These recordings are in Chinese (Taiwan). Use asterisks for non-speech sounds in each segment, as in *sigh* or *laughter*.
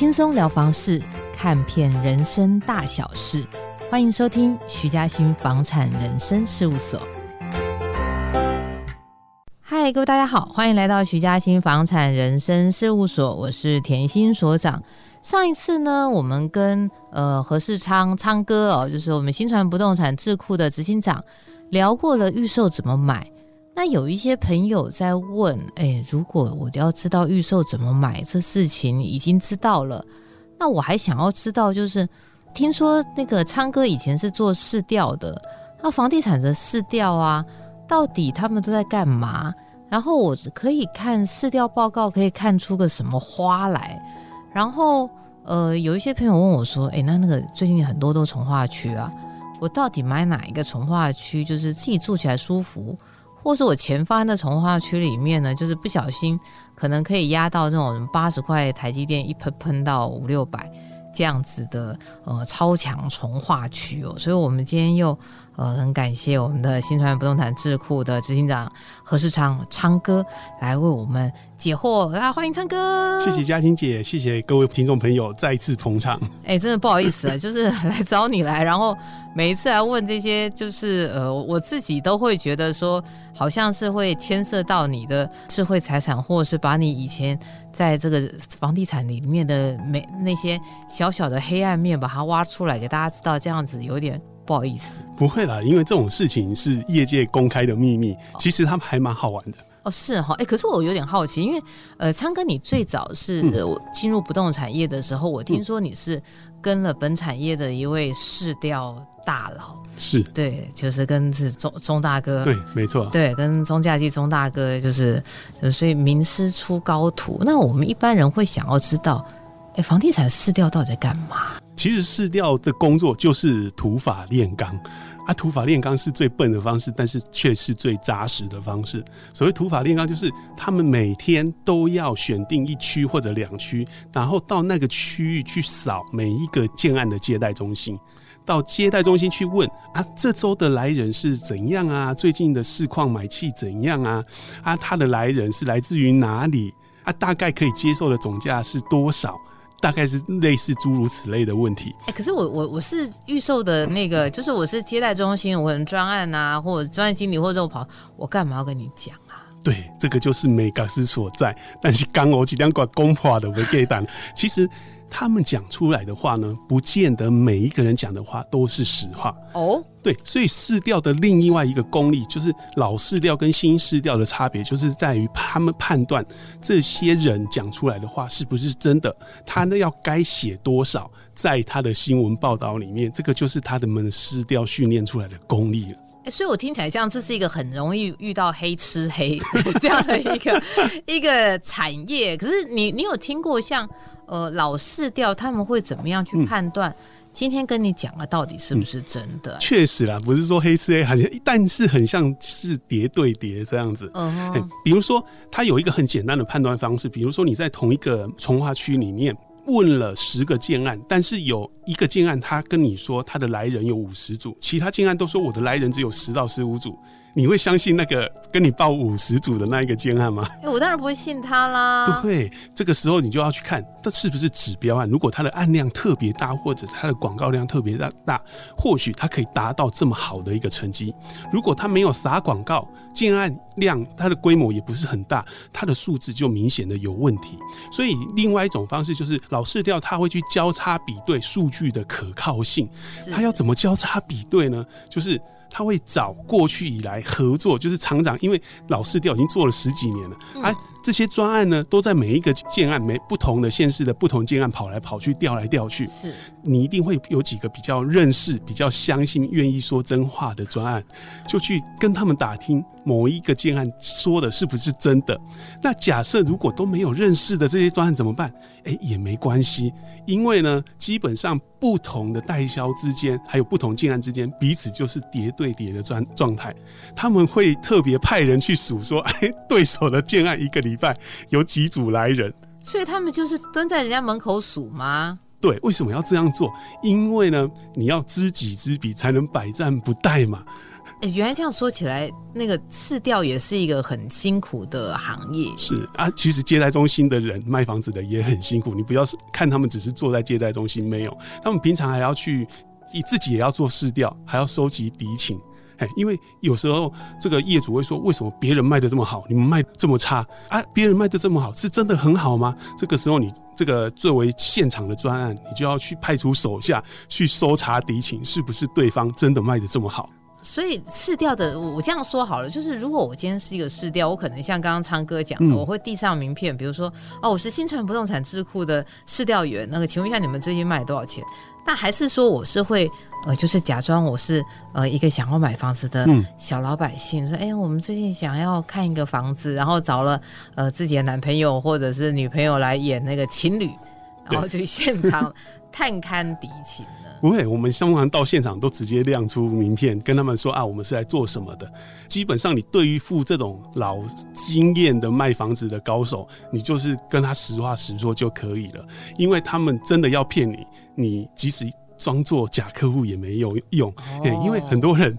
輕鬆聊房事，看遍人生大小事，歡迎收聽徐嘉欣房產人生事務所。嗨，各位大家好，歡迎來到徐嘉欣房產人生事務所，我是甜心所長。上一次呢，我們跟呃何世昌昌哥哦，就是我們馨傳不動產智庫的執行長，聊過了預售怎麼買。那有一些朋友在問，誒、欸，如果我都要知道預售怎麼買這事情已經知道了，那我還想要知道，就是聽說那個昌哥以前是做市調的，那房地產的市調啊，到底他們都在幹嘛？然後我可以看市調報告，可以看出個什麼花來？然後呃，有一些朋友問我說，哎、欸，那那個最近很多都重劃區啊，我到底買哪一個重劃區，就是自己住起來舒服？或是我前方的重劃區裡面呢，就是不小心可能可以壓到這種八十塊台積電一噴噴到五六百這樣子的呃超強重劃區哦，所以我們今天又。呃，很感謝我們的馨傳不動產智庫的執行長何世昌昌哥來為我們解惑，大家歡迎昌哥。謝謝嘉欣姐，謝謝各位聽眾朋友再次捧場。哎、欸，真的不好意思啊， *laughs* 就是來找你來，然後每一次來問這些，就是呃，我自己都會覺得說，好像是會牽涉到你的智慧財產，或者是把你以前在這個房地產裡面的每那些小小的黑暗面把它挖出來給大家知道，這樣子有點。不好意思，不會啦，因為這種事情是業界公開的秘密。哦、其實他們還蠻好玩的哦，是哈。哎，可是我有點好奇，因為呃，昌哥，你最早是、嗯呃、我進入不動產業的時候、嗯，我聽說你是跟了本產業的一位市調大佬，是、嗯、對，就是跟是鍾鍾大哥，對，沒錯，對，跟中家計鍾大哥、就是，就是所以名師出高徒。那我們一般人會想要知道，哎，房地產市調到底在幹嘛？其實市調的工作就是土法煉鋼，啊，土法煉鋼是最笨的方式，但是卻是最扎實的方式。所謂土法煉鋼，就是他們每天都要選定一區或者兩區，然後到那個區域去掃每一個建案的接待中心，到接待中心去問啊，這周的來人是怎樣啊？最近的市況買氣怎樣啊？啊，他的來人是來自於哪裡？啊，大概可以接受的總價是多少？大概是類似諸如此類的問題。哎、欸，可是我我我是預售的那個，就是我是接待中心，我人專案啊，或者專案經理，或者我跑，我幹嘛要跟你講啊？對，這個就是美格斯所在。但是剛我只兩塊公法的未給單， *laughs* 其實。他們講出來的話呢，不見得每一個人講的話都是實話哦。對，所以市調的另外一個功力，就是老市調跟新市調的差別，就是在於他們判斷這些人講出來的話是不是真的，他呢要該寫多少在他的新聞報道裡面，這個就是他們的市調訓練出來的功力了。哎、欸，所以我聽起來，像，這是一個很容易遇到黑吃黑 *laughs* *laughs* 這樣的一個 *laughs* 一個產業。可是你，你有聽過像？呃，老市調他們會怎麼樣去判斷？今天跟你講的到底是不是真的？嗯、嗯、確實啦，不是說黑吃黑，但是很像是諜對諜這樣子。嗯欸、比如說他有一個很簡單的判斷方式，比如說你在同一個重劃區裡面問了十個建案，但是有一個建案他跟你說他的來人有五十組，其他建案都說我的來人只有十到十五組。你會相信那個跟你報五十組的那一個建案嗎？欸，我當然不會信他啦。對，這個時候你就要去看，它是不是指標案？如果他的案量特別大，或者他的廣告量特別大大，或許它可以達到這麼好的一個成績。如果他沒有撒廣告，建案量它的規模也不是很大，它的數字就明顯的有問題。所以，另外一種方式就是老市調，他會去交叉比對數據的可靠性。他要怎麼交叉比對呢？就是。他會找過去以來合作，就是廠長，因為老市調已經做了十幾年了，嗯啊這些專案呢，都在每一個建案、每不同的縣市的不同建案跑來跑去、調來調去。是你一定會有幾個比較認識、比較相信、願意說真話的專案，就去跟他們打聽某一個建案說的是不是真的。那假設如果都沒有認識的這些專案怎麼辦？哎、欸，也沒關係，因為呢，基本上不同的代銷之間，還有不同建案之間，彼此就是諜對諜的狀態。他們會特別派人去數說，哎、欸，對手的建案一個禮。有幾組來人，所以他們就是蹲在人家門口數嗎？對。為什麼要這樣做？因為呢，你要知己知彼，才能百戰不殆嘛。哎、欸，原來這樣說起來，那個市調也是一個很辛苦的行業。是啊，其實接待中心的人賣房子的也很辛苦，你不要看他們只是坐在接待中心，沒有，他們平常還要去，你自己也要做市調，還要收集敵情。哎，因為有時候這個業主會說：“為什麼別人賣得這麼好，你們賣這麼差啊？別人賣得這麼好，是真的很好嗎？”這個時候，你這個作為現場的專案，你就要去派出手下去搜查敵情，是不是對方真的賣得這麼好？所以市調的，我這樣說好了，就是如果我今天是一個市調，我可能像剛剛昌哥講的，我會遞上名片，比如說哦，我是馨傳不動產智庫的市調員，那個，請問一下你們最近賣多少錢？那還是說我是會呃，就是假裝我是呃一個想要買房子的小老百姓，嗯、說哎、欸，我們最近想要看一個房子，然後找了呃自己的男朋友或者是女朋友來演那個情侶，然後去現場探勘敵情的。 *laughs* 不會，我們通常到現場都直接亮出名片，跟他們說啊，我們是來做什麼的。基本上，你對於付這種老經驗的賣房子的高手，你就是跟他實話實說就可以了，因為他們真的要騙你。你即使裝作假客戶也沒有用，oh. 因為很多人，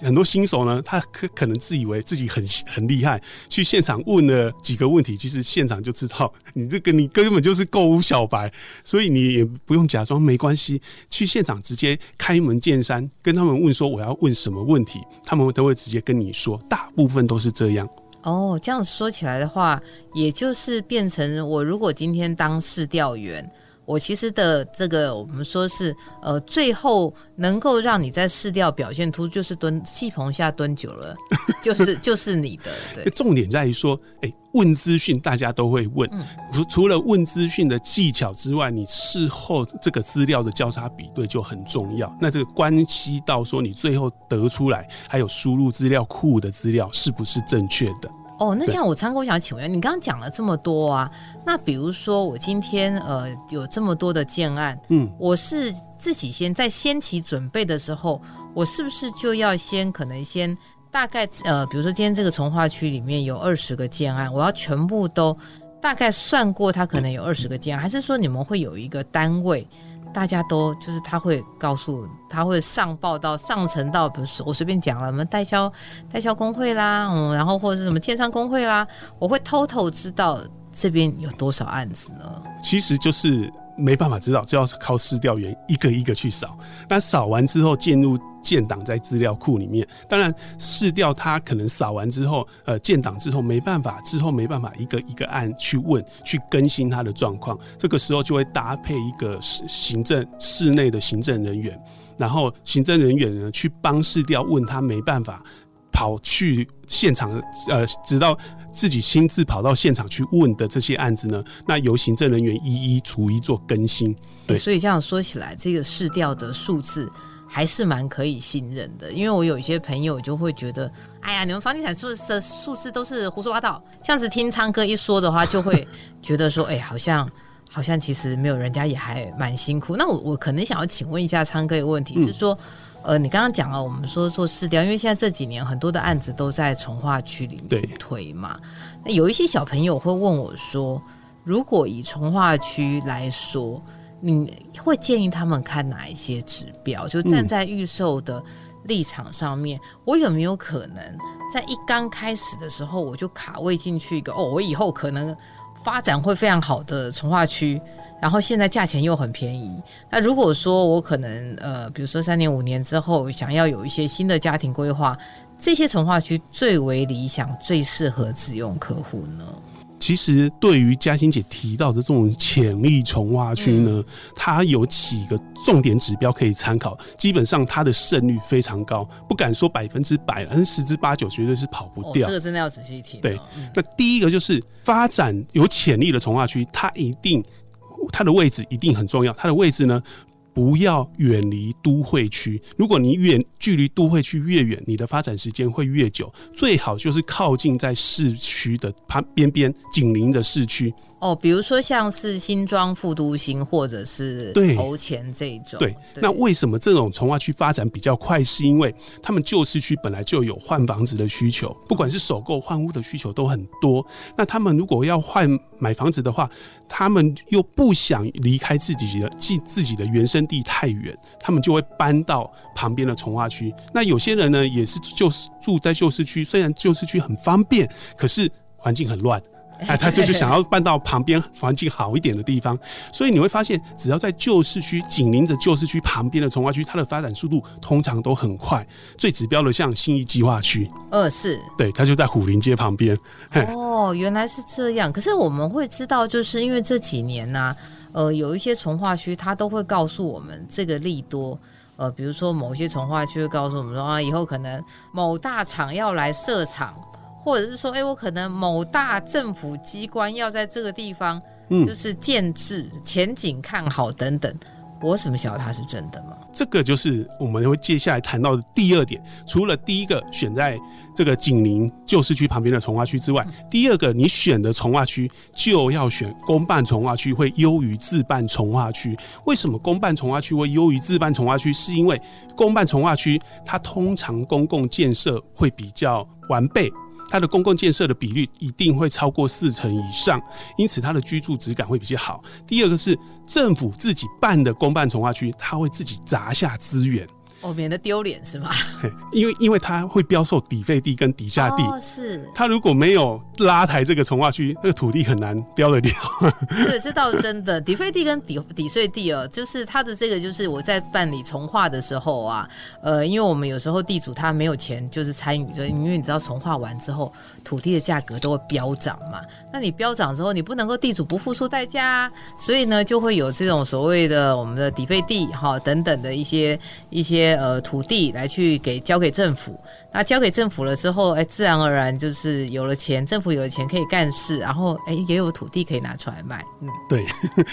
很多新手呢，他可可能自以為自己很很厲害，去現場問了幾個問題，其實現場就知道你這個你根本就是購物小白，所以你也不用假裝，沒關係，去現場直接開門見山跟他們問說我要問什麼問題，他們都會直接跟你說，大部分都是這樣。哦、oh,，這樣子說起來的話，也就是變成我如果今天當市調員。我其實的這個，我們說是，呃，最後能夠讓你在試調表現突出，就是蹲系統下蹲久了， *laughs* 就是就是你的。對。重點在於說，哎、欸，問資訊大家都會問，除、嗯、除了問資訊的技巧之外，你事後這個資料的交叉比對就很重要。那這個關係到說，你最後得出來還有輸入資料庫的資料是不是正確的？哦，那像我參考，我想請問，你剛剛講了這麼多啊，那比如說我今天呃有這麼多的建案，嗯，我是自己先在先期準備的時候，我是不是就要先可能先大概呃，比如說今天這個重劃區裡面有二十個建案，我要全部都大概算過，它可能有二十個建案、嗯，還是說你們會有一個單位？大家都就是他會告訴他會上報到上層到，比如說我隨便講了什麼代銷代銷公會啦，嗯，然後或者是什麼建商公會啦，我會偷偷知道這邊有多少案子呢？其實就是。沒辦法知道，就要靠市調員一個一個去掃。那掃完之後進入建檔在資料庫裡面。當然，市調他可能掃完之後，呃，建檔之後沒辦法，之後沒辦法一個一個案去問去更新他的狀況。這個時候就會搭配一個行行政室內的行政人員，然後行政人員呢去幫市調問他，沒辦法跑去現場呃，直到。自己親自跑到現場去問的這些案子呢，那由行政人員一一逐一做更新。對、欸，所以這樣說起來，這個市調的數字還是蠻可以信任的。因為我有一些朋友就會覺得，哎呀，你們房地產數的數字都是胡說八道。這樣子聽昌哥一說的話，就會覺得說，哎、 *laughs* 欸，好像好像其實沒有人家也還蠻辛苦。那我我可能想要請問一下昌哥一個問題、嗯、是說。呃，你剛剛講了，我們說做市調，因為現在這幾年很多的案子都在重劃區裡面推嘛。那有一些小朋友會問我說，如果以重劃區來說，你會建議他們看哪一些指標？就站在預售的立場上面，嗯，我有沒有可能在一剛開始的時候我就卡位進去一個？哦，我以後可能發展會非常好的重劃區。然後現在價錢又很便宜。那如果說我可能呃，比如說三年五年之後想要有一些新的家庭規劃，這些重劃區最為理想、最適合自用客戶呢？其實對於嘉欣姐提到的這種潛力重劃區呢、嗯，它有幾個重點指標可以參考，基本上它的勝率非常高，不敢說百分之百，但十之八九絕對是跑不掉。哦、這個真的要仔細聽。對、嗯，那第一個就是發展有潛力的重劃區，它一定。它的位置一定很重要。它的位置呢，不要遠離都會區。如果你遠距離都會區越遠，你的發展時間會越久。最好就是靠近在市區的旁邊邊，緊鄰的市區。哦，比如說像是新莊副都心，或者是頭前這種。對，對，那為什麼這種重劃區發展比較快？是因為他們舊市區本來就有換房子的需求，不管是首購換屋的需求都很多。那他們如果要換買房子的話，他們又不想離開自己的、自己的原生地太遠，他們就會搬到旁邊的重劃區。那有些人呢，也是就是住在舊市區，雖然舊市區很方便，可是環境很亂。哎，他就是想要搬到旁邊環境好一點的地方，所以你會發現，只要在舊市區緊鄰着舊市區旁邊的重劃區，它的發展速度通常都很快。最指標的像信義計劃區，呃，是，對，它就在虎林街旁邊，嗯。哦，原來是這樣。可是我們會知道，就是因為這幾年呢，啊，呃，有一些重劃區，它都會告訴我們這個利多，呃，比如說某一些重劃區會告訴我們說啊，以後可能某大廠要來設廠。或者是說，哎，欸，我可能某大政府機關要在這個地方，嗯，就是建置前景看好等等，我怎麼曉得它是真的嗎？這個就是我們會接下來談到的第二點。除了第一個選在這個緊鄰舊市區旁邊的重劃區之外，嗯，第二個你選的重劃區就要選公辦重劃區會優於自辦重劃區。為什麼公辦重劃區會優於自辦重劃區？是因為公辦重劃區它通常公共建設會比較完備。它的公共建設的比率一定會超過四成以上，因此它的居住質感會比較好。第二個是政府自己辦的公辦重劃區，他會自己砸下資源。哦、oh，免得丟臉是嗎？因為因為它會標售抵費地跟底下地，oh, 是它如果沒有拉抬這個重劃區，那個土地很難標得掉。對，這倒是真的，抵 *laughs* 費地跟抵抵稅地哦、喔，就是它的這個，就是我在辦理重劃的時候啊，呃，因為我們有時候地主他沒有錢，就是參與，所因為你知道重劃完之後，土地的價格都會飆漲嘛，那你飆漲之後你不能夠地主不付出代價，啊，所以呢，就會有這種所謂的我們的抵費地哈、喔、等等的一些一些。呃，土地來去給交給政府，那交給政府了之後，哎、欸，自然而然就是有了錢，政府有了錢可以幹事，然後哎、欸，也有土地可以拿出來賣。嗯，對，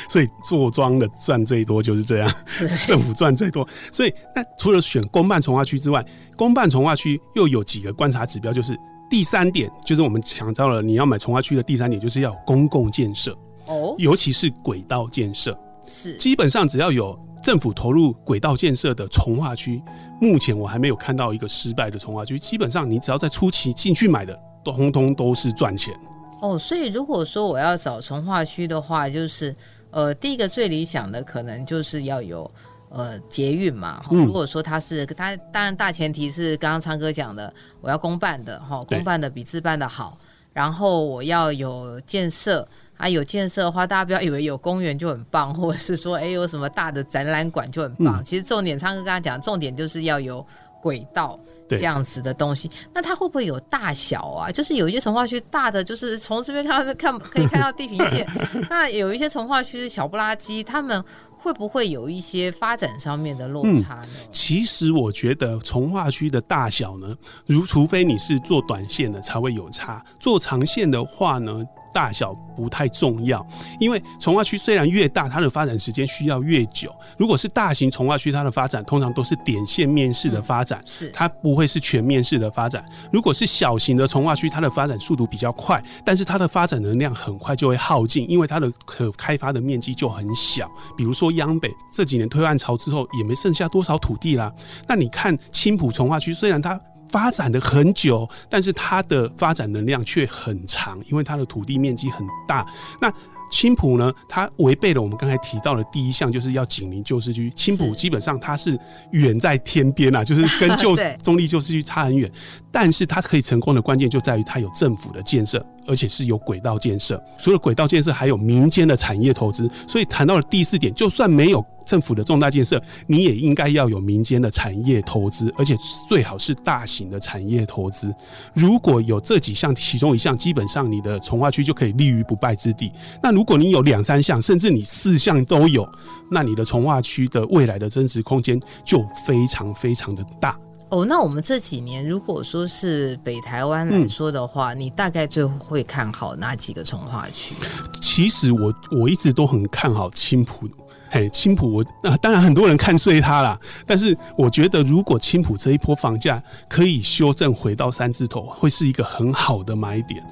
所以做莊的賺最多就是這樣，政府賺最多。所以，那除了選公辦重劃區之外，公辦重劃區又有幾個觀察指標，就是第三點，就是我們強調了，你要買重劃區的第三點就是要公共建設，哦，尤其是軌道建設，是基本上只要有。政府投入軌道建設的重劃區，目前我還沒有看到一個失敗的重劃區。基本上，你只要在初期進去買的，都通通都是賺錢。哦，所以如果說我要找重劃區的話，就是呃，第一個最理想的可能就是要有呃捷運嘛、嗯。如果說它是它，當然大前提是剛剛昌哥講的，我要公辦的哈，公辦的比自辦的好。然後我要有建設。啊，有建設的話，大家不要以為有公園就很棒，或者是說，哎、欸，有什麼大的展覽館就很棒、嗯。其實重點，昌哥剛才講，重點就是要有軌道這樣子的東西。那它會不會有大小啊？就是有一些重劃區大的，就是從這邊看看可以看到地平線； *laughs* 那有一些重劃區小不拉幾，他們會不會有一些發展上面的落差呢？嗯、其實我覺得重劃區的大小呢，如除非你是做短線的才會有差，做長線的話呢。大小不太重要，因為重劃區雖然越大，它的發展時間需要越久。如果是大型重劃區，它的發展通常都是點線面式的發展，嗯、是它不會是全面式的發展。如果是小型的重劃區，它的發展速度比較快，但是它的發展能量很快就會耗盡，因為它的可開發的面積就很小。比如說，央北這幾年推案潮之後，也沒剩下多少土地啦。那你看，青埔重劃區雖然它。發展的很久，但是它的發展能量卻很長，因為它的土地面積很大。那青埔呢？它違背了我們剛才提到的第一項，就是要緊鄰舊市區。青埔基本上它是遠在天邊啊，就是跟舊 *laughs* 中壢舊市區差很遠。但是它可以成功的關鍵就在於它有政府的建設，而且是有軌道建設。除了軌道建設，還有民間的產業投資。所以談到了第四點，就算沒有。政府的重大建設，你也應該要有民間的產業投資，而且最好是大型的產業投資。如果有這幾項其中一項，基本上你的重劃區就可以立於不敗之地。那如果你有兩三項，甚至你四項都有，那你的重劃區的未來的增值空間就非常非常的大。哦，那我們這幾年如果說是北台灣來說的話，嗯、你大概最會看好哪幾個重劃區？其實我我一直都很看好青埔。嘿，青埔我那、啊、當然很多人看衰它啦，但是我覺得如果青埔這一波房價可以修正回到三字頭，會是一個很好的買點。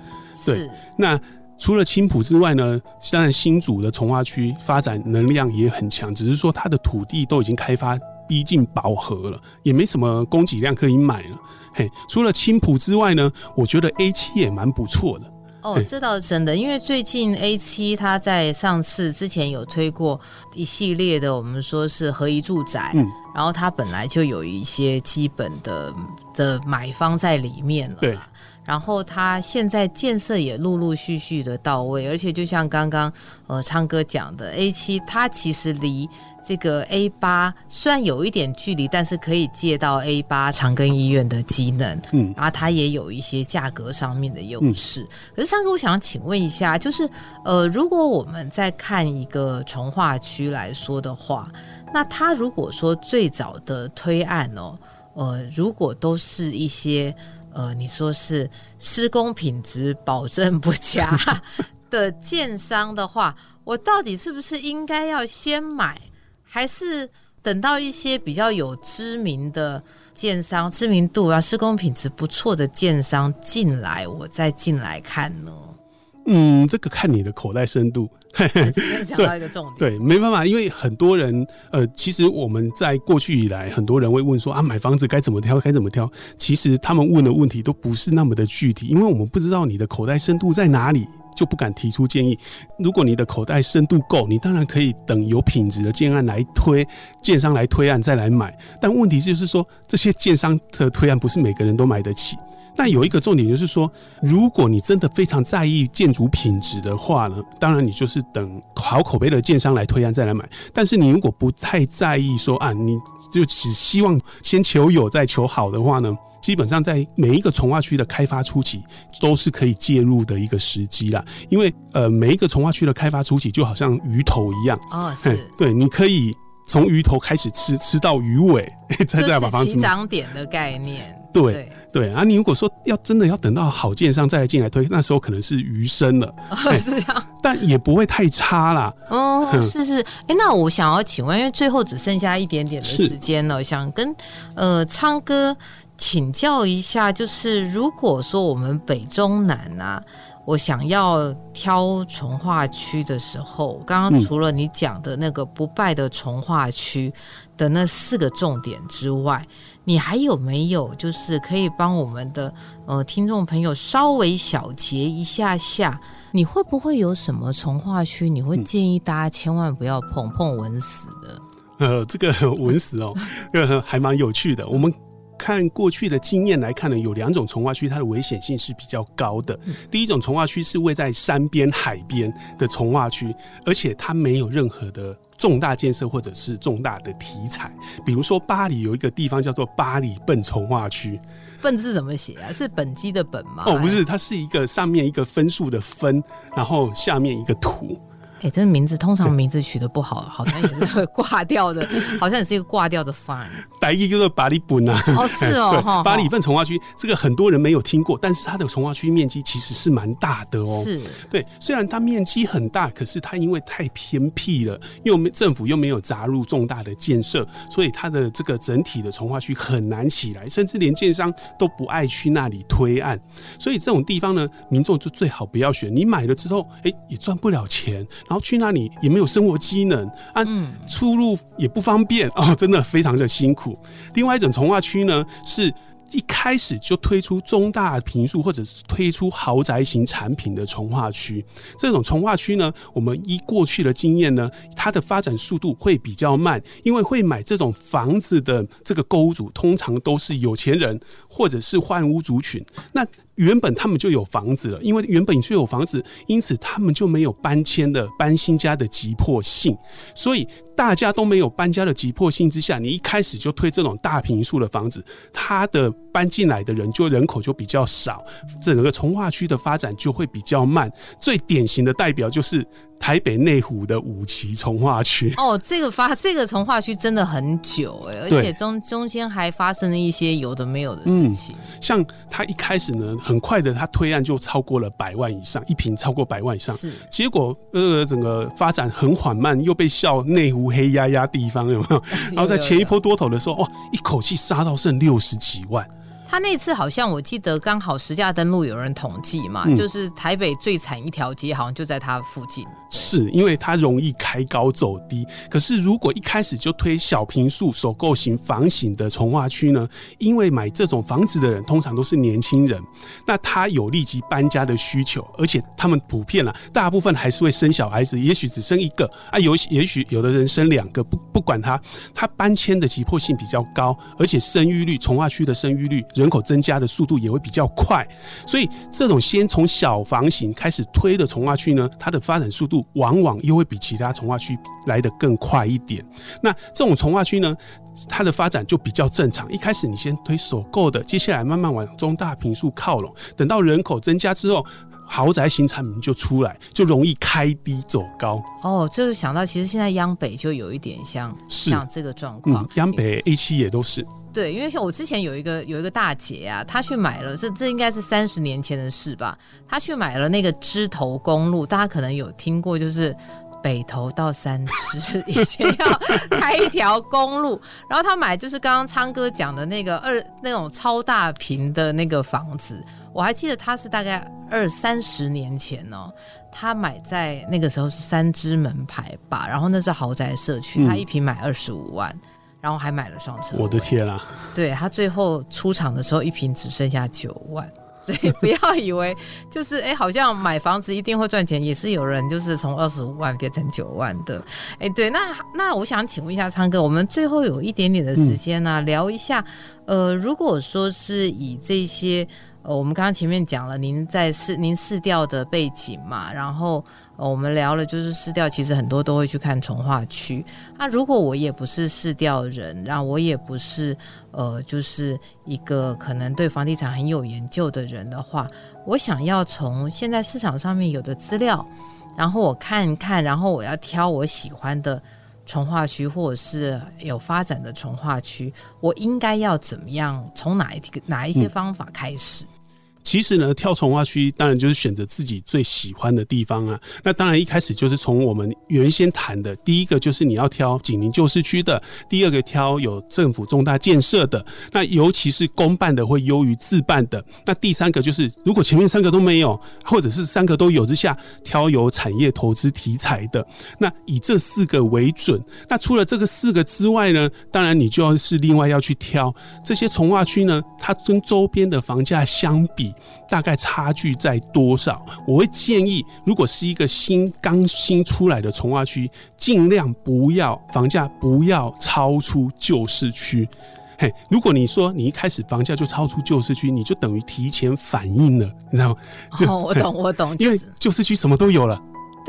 對，那除了青埔之外呢，當然新竹的重劃區發展能量也很強，只是說它的土地都已經開發逼近飽和了，也沒什麼供給量可以買了。嘿、hey,，除了青埔之外呢，我覺得 A7 也蠻不錯的。哦，這倒是真的，因為最近 A 七他在上次之前有推過一系列的，我們說是合一住宅，嗯，然後它本來就有一些基本的的買方在裡面了，對，然後它現在建設也陸陸續續的到位，而且就像剛剛呃昌哥講的，A 七它其實離這個 A 八雖然有一點距離，但是可以借到 A 八長庚醫院的機能，嗯，然後它也有一些價格上面的優勢。嗯、可是，三哥，我想請問一下，就是呃，如果我們再看一個重劃區來說的話，那他如果說最早的推案哦，呃，如果都是一些呃，你說是施工品質保證不佳的建商的話， *laughs* 我到底是不是應該要先買？還是等到一些比較有知名的建商，知名度啊，施工品質不錯的建商進來，我再進來看呢？嗯，這個看你的口袋深度。講到一個重點 *laughs* 對，對，沒辦法，因為很多人，呃，其實我們在過去以來，很多人會問說啊，買房子該怎麼挑？該怎麼挑？其實他們問的問題都不是那麼的具體，因為我們不知道你的口袋深度在哪裡。就不敢提出建議。如果你的口袋深度夠，你當然可以等有品質的建案來推，建商來推案再來買。但問題就是說，這些建商的推案不是每個人都買得起。那有一個重點就是說，如果你真的非常在意建築品質的話呢，當然你就是等好口碑的建商來推案再來買。但是你如果不太在意說，說啊，你就只希望先求有再求好的話呢？基本上在每一個重劃區的開發初期都是可以介入的一個時機啦，因為呃，每一個重劃區的開發初期就好像魚頭一樣哦，是對，你可以從魚頭開始吃吃到魚尾，呵呵再再把就是起漲點的概念。對對，對，啊，你如果說要真的要等到好建商再來進來推，那時候可能是魚身了。哦，是這樣，但也不會太差啦。哦，是是，哎、欸，那我想要請問，因為最後只剩下一點點的時間了，想跟呃昌哥。請教一下，就是如果說我們北中南啊，我想要挑重劃區的時候，剛剛除了你講的那個不敗的重劃區的那四個重點之外，你還有沒有就是可以幫我們的呃聽眾朋友稍微小結一下下？你會不會有什麼重劃區你會建議大家千萬不要碰碰文死的，嗯？呃，這個文死哦，這個還蠻有趣的， *laughs* 我們。看過去的經驗來看呢，有兩種重劃區，它的危險性是比較高的。嗯、第一種重劃區是位在山邊、海邊的重劃區，而且它沒有任何的重大建設或者是重大的題材。比如說，巴黎有一個地方叫做巴黎笨重劃區，笨字怎麼寫啊？是本機的本嗎？哦，不是，它是一個上面一個分數的分，然後下面一個土。哎、欸，這個名字，通常名字取得不好，好像也是會掛掉的， *laughs* 好像也是一個掛掉的 fine 台語叫做八里坌啊。哦是哦、欸、八里坌重劃區，這個很多人沒有聽過，但是它的重劃區面積其實是蠻大的哦。是，對，雖然它面積很大，可是它因為太偏僻了，又沒政府又沒有砸入重大的建設，所以它的這個整體的重劃區很難起來，甚至連建商都不愛去那裡推案。所以這種地方呢，民眾就最好不要選。你買了之後，哎、欸，也賺不了錢。然後去那裡也沒有生活機能啊，出入也不方便啊、哦，真的非常的辛苦。另外一種重劃區呢，是一開始就推出中大坪數或者是推出豪宅型產品的重劃區，這種重劃區呢，我們依過去的經驗呢，它的發展速度會比較慢，因為會買這種房子的這個購屋族通常都是有錢人或者是換屋族群，那。原本他們就有房子了，因為原本就有房子，因此他們就沒有搬遷的、搬新家的急迫性，所以大家都沒有搬家的急迫性之下，你一開始就推這種大坪數的房子，它的搬進來的人就人口就比較少，整個重劃區的發展就會比較慢。最典型的代表就是。台北內湖的五期重劃區哦，這個發這個重劃區真的很久哎，而且中中間還發生了一些有的沒有的事情、嗯。像他一開始呢，很快的他推案就超過了百萬以上，一坪超過百萬以上。是結果呃，整個發展很緩慢，又被笑內湖黑壓壓地方有沒有？然後在前一波多頭的時候，有有有哦，一口氣殺到剩六十幾萬。他那次好像我記得剛好實價登錄有人統計嘛、嗯，就是台北最慘一條街好像就在他附近，是因為它容易開高走低。可是如果一開始就推小坪數、首購型房型的重劃區呢？因為買這種房子的人通常都是年輕人，那他有立即搬家的需求，而且他們普遍了、啊，大部分還是會生小孩子，也許只生一個啊，有也許有的人生兩個，不不管他，他搬遷的急迫性比較高，而且生育率，重劃區的生育率，人口增加的速度也會比較快，所以這種先從小房型開始推的重劃區呢，它的發展速度往往又會比其他重劃區來得更快一點。那這種重劃區呢，它的發展就比較正常。一開始你先推首購的，接下來慢慢往中大坪數靠攏，等到人口增加之後，豪宅型產品就出來，就容易開低走高。哦，就是想到其實現在央北就有一點像像這個狀況、嗯，央北 A 七也都是。對，因為像我之前有一個有一個大姐啊，她去買了，這這應該是三十年前的事吧。她去買了那個芝投公路，大家可能有聽過，就是北投到三芝， *laughs* 以前要開一條公路。 *laughs* 然後她買就是剛剛昌哥講的那個二那種超大坪的那個房子，我還記得她是大概二三十年前哦，她買在那個時候是三芝門牌吧，然後那是豪宅社區，她、嗯、一坪買二十五萬。然後還買了雙車，我的天啦對！對他最後出場的時候，一坪只剩下九萬，所以不要以為就是哎， *laughs* 好像買房子一定會賺錢，也是有人就是從二十五萬變成九萬的。哎，對，那那我想請問一下，昌哥，我們最後有一點點的時間呢，啊，聊一下，呃，如果說是以這些。呃，我們剛剛前面講了，您在市您市調的背景嘛，然後、呃、我們聊了，就是市調其實很多都會去看重劃區。那、啊、如果我也不是市調人，然後我也不是呃，就是一個可能對房地產很有研究的人的話，我想要從現在市場上面有的資料，然後我看一看，然後我要挑我喜歡的重劃區或者是有發展的重劃區，我應該要怎麼樣，從哪一個哪一些方法開始？嗯其實呢，挑重劃區當然就是選擇自己最喜歡的地方啊。那當然一開始就是從我們原先談的第一個，就是你要挑緊鄰舊市區的；第二個，挑有政府重大建設的；那尤其是公辦的會優於自辦的。那第三個就是，如果前面三個都沒有，或者是三個都有之下，挑有產業投資題材的。那以這四個為準。那除了這個四個之外呢，當然你就要是另外要去挑這些重劃區呢，它跟周邊的房價相比。大概差距在多少？我會建議，如果是一個新剛新出來的重劃區，盡量不要房價不要超出舊市區。嘿，如果你說你一開始房價就超出舊市區，你就等於提前反應了，你知道嗎？就哦，我懂，我懂，我懂，因為舊市區什麼都有了。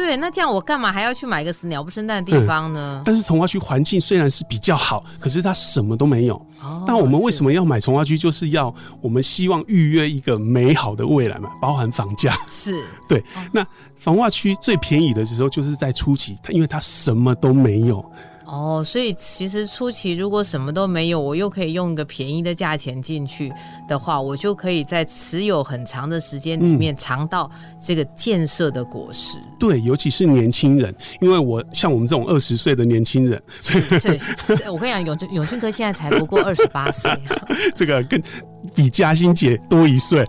對，那這樣我幹嘛還要去買一個死鳥不生蛋的地方呢？嗯、但是重劃區環境雖然是比較好，可是它什麼都沒有。哦、但我們為什麼要買重劃區？就是要我們希望預約一個美好的未來嘛，包含房價。是。對，哦、那重劃區最便宜的時候就是在初期，因為它什麼都沒有。哦，所以其實初期如果什麼都沒有，我又可以用一個便宜的價錢進去的話，我就可以在持有很長的時間裡面嘗到這個建設的果實。嗯，對，尤其是年輕人，因為我像我們這種二十歲的年輕人是是是是，我跟你講，永永俊哥現在才不過二十八歲， *laughs* 這個更比嘉欣姐多一歲。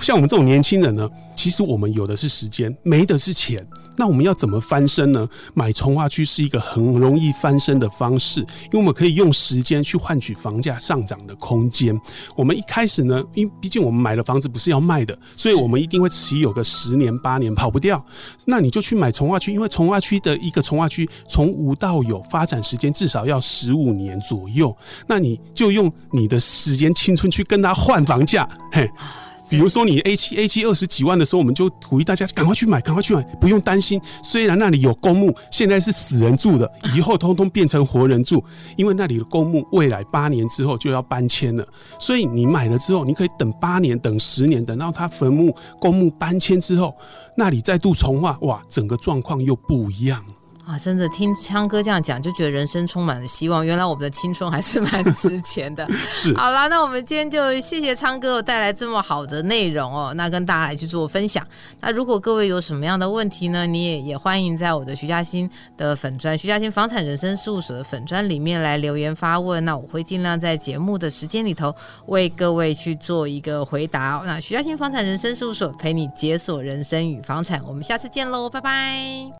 像我們這種年輕人呢。其實我們有的是時間，沒的是錢。那我們要怎麼翻身呢？買重劃區是一個很容易翻身的方式，因為我們可以用時間去換取房價上漲的空間。我們一開始呢，因為畢竟我們買的房子不是要賣的，所以我們一定會持有個十年八年，跑不掉。那你就去買重劃區，因為重劃區的一個重劃區從無到有發展時間至少要十五年左右。那你就用你的時間青春去跟他換房價，嘿。比如說，你 A 七 A 七二十幾萬的時候，我們就鼓勵大家趕快去買，趕快去買，不用擔心。雖然那裡有公墓，現在是死人住的，以後通通變成活人住，因為那裡的公墓未來八年之後就要搬遷了。所以你買了之後，你可以等八年、等十年，等到他墳墓，墓、公墓搬遷之後，那裡再度重劃，哇，整個狀況又不一樣了。啊，真的聽昌哥這樣講，就覺得人生充滿了希望。原來我們的青春還是蠻值錢的。 *laughs* 是。好了，那我們今天就謝謝昌哥帶來這麼好的內容哦，那跟大家來去做分享。那如果各位有什麼樣的問題呢，你也也歡迎在我的徐家欣的粉專、徐家欣房產人生事務所的粉專裡面來留言發問。那我會盡量在節目的時間裡頭為各位去做一個回答。那徐家欣房產人生事務所陪你解鎖人生與房產，我們下次見嘍，拜拜。